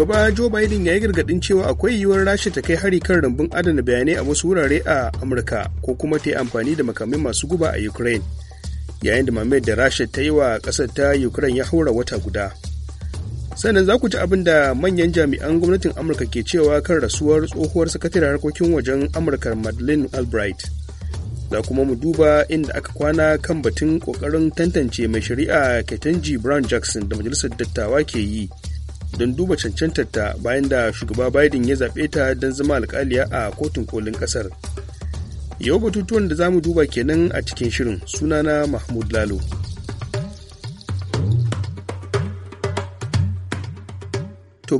shugaba joe biden ya yi gargadin cewa akwai yiwuwar rasha ta kai hari kan rambun adana bayanai a wasu wurare a amurka ko kuma ta yi amfani da makamai masu guba a ukraine yayin da mamayar da rasha ta yi wa ƙasar ta ukraine ya haura wata guda sannan za ku ci abin da manyan jami'an gwamnatin amurka ke cewa kan rasuwar tsohuwar sakatare harkokin wajen amurka madeleine albright za kuma mu duba inda aka kwana kan batun kokarin tantance mai shari'a ketanji brown jackson da majalisar dattawa ke yi don duba cancantarta bayan da shugaba Biden ya zaɓe ta don zama alkaliya a kotun kolin ƙasar. Yau batutuwan da za mu duba kenan a cikin shirin sunana Mahmud Lalo. To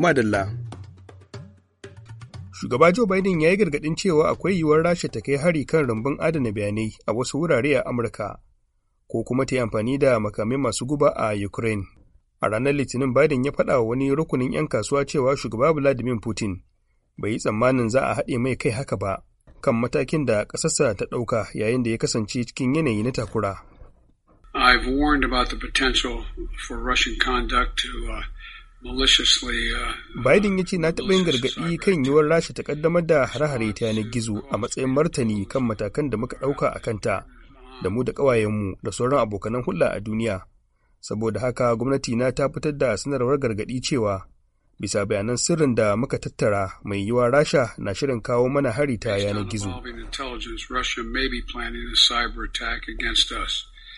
Shugaba Joe Biden ya yi gargaɗin cewa akwai yiwuwar Rasha ta kai hari kan rumbun adana bayanai a wasu wurare a Amurka, ko kuma ta yi amfani da makamai masu guba a Ukraine A ranar Litinin Biden ya faɗa wa wani rukunin 'yan kasuwa cewa shugaba Vladimir Putin bai yi tsammanin za a haɗe mai kai haka ba kan matakin da ƙasarsa ta ɗauka yayin da ya kasance cikin yanayi na takura. I've warned about the uh, uh, Biden ya ce na taɓa yin gargaɗi kan yiwuwar Rasha ta ƙaddamar da hare-hare ta yanar gizo a matsayin martani kan matakan da muka ɗauka a kanta da mu da ƙawayenmu da sauran abokanan hulɗa a duniya saboda haka gwamnati na ta fitar da sanarwar gargaɗi cewa bisa bayanan sirrin da muka tattara mai yiwuwa rasha na shirin kawo mana hari ta yanar gizo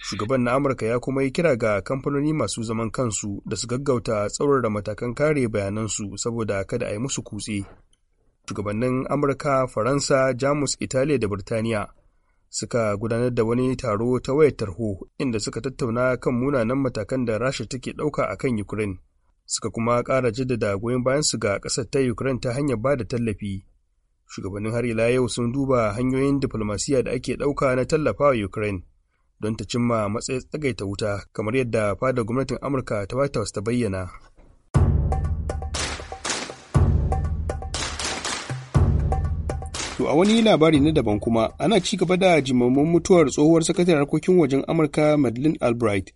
shugaban na amurka ya kuma yi kira ga kamfanoni masu zaman kansu da su gaggauta tsaurara matakan kare bayanansu saboda kada a yi musu kutse shugabannin amurka faransa jamus italiya da birtaniya suka gudanar da wani taro ta wayar tarho inda suka tattauna kan munanan matakan da rasha take ɗauka a kan ukraine suka kuma ƙara jaddada goyon bayan su ga ƙasar ta ukraine ta hanyar ba da tallafi shugabannin har ila yau sun duba hanyoyin diflomasiya da ake ɗauka na tallafawa ukraine don ta cimma matsayin tsagaita wuta kamar yadda fadar gwamnatin amurka ta white house ta bayyana To a wani labari na daban kuma ana ci gaba da jimamin mutuwar tsohuwar sakataren harkokin wajen Amurka Madeleine Albright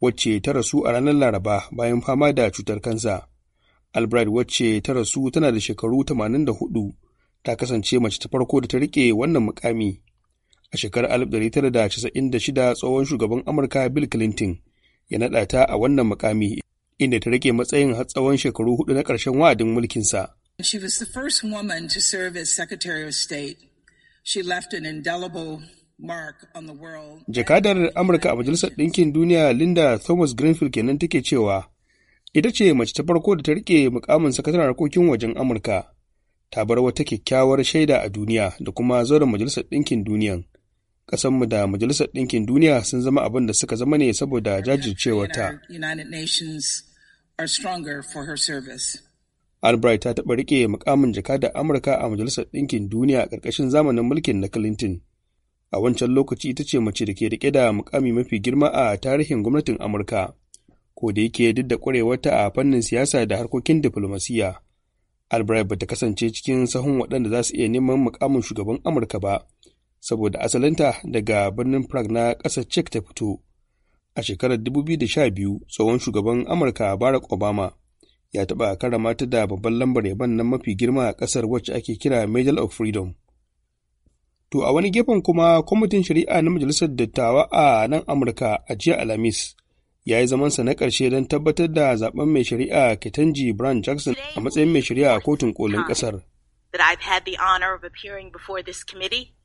wacce ta rasu a ranar Laraba bayan fama da cutar kansa. Albright wacce ta rasu tana da shekaru 84 ta kasance mace ta farko da ta rike wannan mukami. A shekarar 1996 tsohon shugaban Amurka Bill Clinton ya naɗa ta a wannan mukami inda ta rike matsayin har tsawon shekaru hudu na ƙarshen wa'adin mulkinsa. She was the first woman to serve as Secretary of State. She left an indelible mark on the world. Jakadar Amurka a Majalisar Ɗinkin Duniya Linda Thomas Greenfield kenan take cewa ita ce mace ta farko da ta rike mukamin sakataren harkokin wajen Amurka. Ta bar wata kyakkyawar shaida a duniya da kuma zauren Majalisar Ɗinkin Duniyan. kasanmu da Majalisar Ɗinkin Duniya sun zama abin da suka zama ne saboda jajircewarta. United Nations are stronger for her service. Albright ta taɓa riƙe mukamin jakadar Amurka a Majalisar Ɗinkin Duniya a ƙarƙashin zamanin mulkin na Clinton. A wancan lokaci ita ce mace da ke riƙe da mukami mafi girma a tarihin gwamnatin Amurka, ko da yake duk da ƙwarewarta a fannin siyasa da harkokin diflomasiya. Albright bata kasance cikin sahun waɗanda za su iya neman mukamin shugaban Amurka ba, saboda asalinta daga birnin Prague na ƙasar Czech ta fito. A shekarar 2012, tsohon shugaban Amurka Barack Obama ya taɓa karama ta da babban lambar yaban nan mafi girma a ƙasar wacce ake kira Medal of Freedom. To a wani gefen kuma kwamitin shari'a na majalisar dattawa a nan Amurka a jiya Alhamis ya yi zamansa na ƙarshe don tabbatar da zaben mai shari'a Ketanji Brown Jackson a matsayin mai shari'a a kotun kolin ƙasar.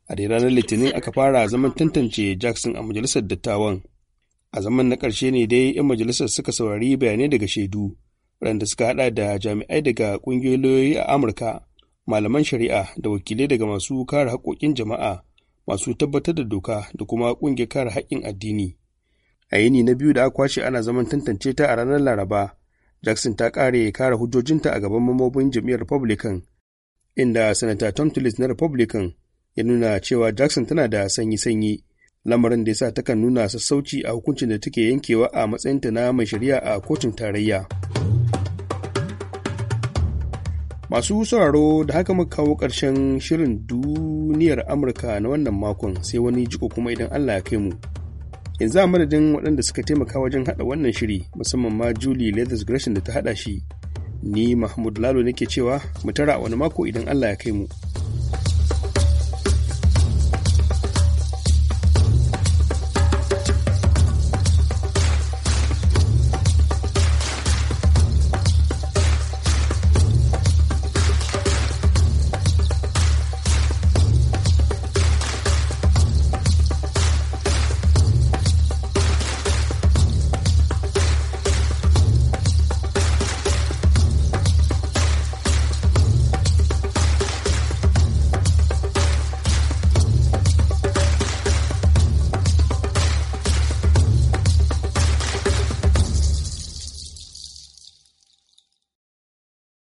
A dai ranar Litinin aka fara zaman tantance Jackson a majalisar dattawan. A zaman na ƙarshe ne dai 'yan majalisar suka saurari bayanai daga shaidu. waɗanda suka haɗa da jami'ai daga ƙungiyoyin lauyoyi a Amurka, malaman shari'a da wakilai daga masu kare haƙoƙin jama'a, masu tabbatar da doka da kuma ƙungiyar kare haƙƙin addini. A yini na biyu da aka kwashe ana zaman tantance ta a ranar Laraba, Jackson ta ƙare kare hujjojinta a gaban mamobin jam'iyyar Republican, inda Sanata Tom Tillis na Republican ya nuna cewa Jackson tana da sanyi-sanyi lamarin da ya sa takan nuna sassauci a hukuncin da take yankewa a matsayinta na mai shari'a a kotun tarayya masu sauraro da haka muka kawo ƙarshen shirin duniyar amurka na wannan makon sai wani jiko kuma idan allah ya kai mu yanzu a madadin waɗanda suka taimaka wajen haɗa wannan shiri musamman ma julie leathers gresham da ta haɗa shi ni mahmud lalo nake cewa mu tara wani mako idan allah ya kai mu